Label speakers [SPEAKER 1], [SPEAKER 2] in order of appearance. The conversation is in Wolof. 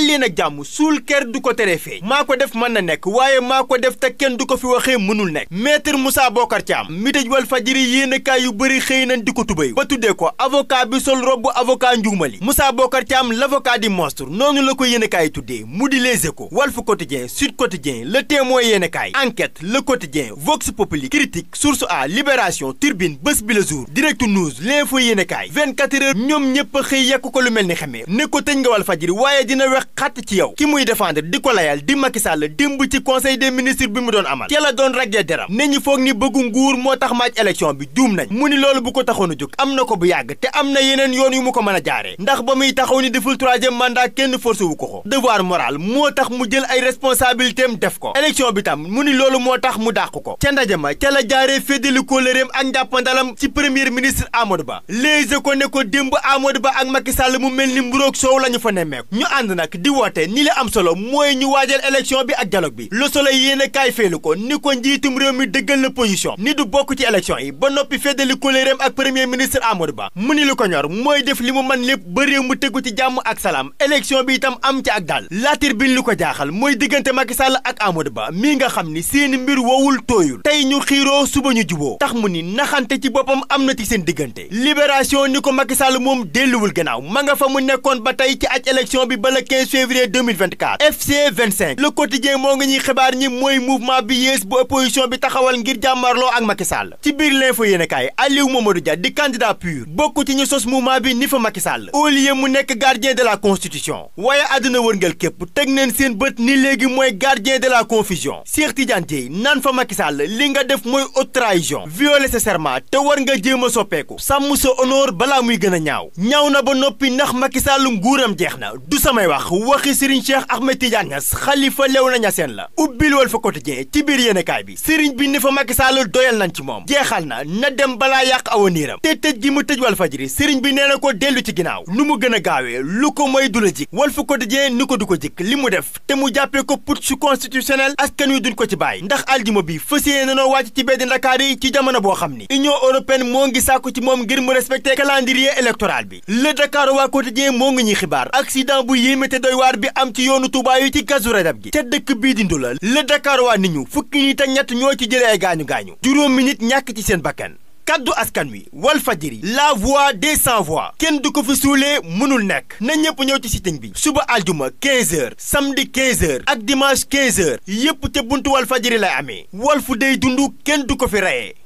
[SPEAKER 1] dal leen ak jàmm suul ker du ko tere feeñ maa ko def mën na nekk waaye maa ko def te kenn du ko fi waxee mënul nekk maître Moussa Bocar Thiam mi tëj wal fajiri yéenekaay yu bëri xëy na di ko tubéy ba tuddee ko avocat bi sol robb avocat njuumali Moussa Bocar Thiam l'avocat du monstre noonu la ko yéenekaay tuddee mu di Les Échos Walf Quotidien Sud Quotidien Le Témoin yéenekaay Enquête Le Quotidien Vox Populi Critique Source A Libération Tribune Bës Bi Le Jour Direct News L'Info yéenekaay 24 heures ñoom ñëpp xëy yekk ko lu mel ni xamee ne ko tëj nga wal fajiri waaye dina wex xatt ci yow ki muy défendre di ko layal di Macky Sall démb ci conseil des ministres bi mu doon amal te la doon raggee deram ne ñu foog ni bëggu nguur moo tax maaj élection bi juum nañ mu ni loolu bu ko taxoon a jóg am na ko bu yàgg te am na yeneen yoon yu mu ko mën a jaaree ndax ba muy taxaw ni deful troisième mandat kenn forcé wu ko ko devoir moral moo tax mu jël ay responsabilité def ko élection bi tam mu ni loolu moo tax mu dàq ko ca ndaje ma ca la jaaree féddali kóllëreem ak njàppandalam ci premier ministre Amadou Ba léegi ko ne ko démb Amadou Ba ak Macky Sall mu mel ni mburoog soow la ñu fa nemmeeku ñu ànd nag di woote ni la am solo mooy ñu waajal élection bi ak dialogue bi Le solo yéen a kaay féelu ko ni ko njiitum réew mi dëggal na position ni du bokk ci élection yi ba noppi feddali koleereem ak premier ministre Amadou Ba mu ni lu ko ñor mooy def li mu man lépp ba réew mu tegu ci jàmm ak salaam élection bi itam am ci ak daal laatir bi lu ko jaaxal mooy diggante Macky Sall ak Amadou Ba mii nga xam ni seen mbir wowul tooyul tey ñu xiiroo suba ñu juboo tax mu ni naxante ci boppam am na ci seen diggante libération ni ko Macky Sall moom delluwul gannaaw ma fa mu nekkoon ba tey ci aj élection bi ba la février 2024 FC 25 le quotidien mo ngi ñuy ñi moy mouvement bi yes bu opposition bi taxawal ngir jamarlo ak Macky Sall ci bir l'info yéenekaay Aliou Mamadou Dia di candidat pur bokku ci ñu sos mouvement bi ni fa Macky Sall au lieu mu gardien de la constitution waaye aduna wërngel képp teg neen seen beut ni légui moy gardien de la confusion Cheikh Tidiane Dièye naan fa Macky Sall li nga def moy haute trahison violer ses serments te war nga jéem a honor sàmm sa honneur bala muy gëna ñaaw ñaaw na ba nopi ndax Macky Sall nguuram du samay ndax waxi Serigne Cheikh Ahmed Tidiane Niass xalifa Léona Niassène la ubbil Walf Quotidien ci biir yéenekaay bi Serigne bi ni fa Macky Sall doyal nañ ci moom jeexal na na dem balaa yàq awaniiram te tëj gi mu tëj Walfadjri Serigne bi nee na ko dellu ci ginnaaw nu mu gën a gaawee lu ko mooy du la jik Walf Quotidien ni ko du jik li def te mu jàppee ko putsch constitutionnel askan wi duñ ko ci bàyyi ndax aljuma bi fas yéene nanoo wàcc ci mbedd Ndakaar yi ci jamono boo xam Union européenne moo ngi sàkku ci moom ngir mu respecté calendrier électoral bi le Dakar waa Quotidien moo ngi ñuy xibaar accident bu yéemete doy bi am ci yoonu Touba yi ci Kazu Rajab gi te dëkk bii di Ndola la Dakar waa nit ñu fukki nit ak ñett ñoo ci jëlee gaañu gaañu juróomi nit ñàkk ci seen bakkan kaddu askan wi wal Walfadjri la voix des sans voix kenn du ko fi suulee mënul nekk na ñëpp ñëw ci sitiñ bi suba aljuma 15h samedi 15 ak dimanche 15h yépp te buntu Walfadjri lay amee Walf day dund kenn du ko fi reyee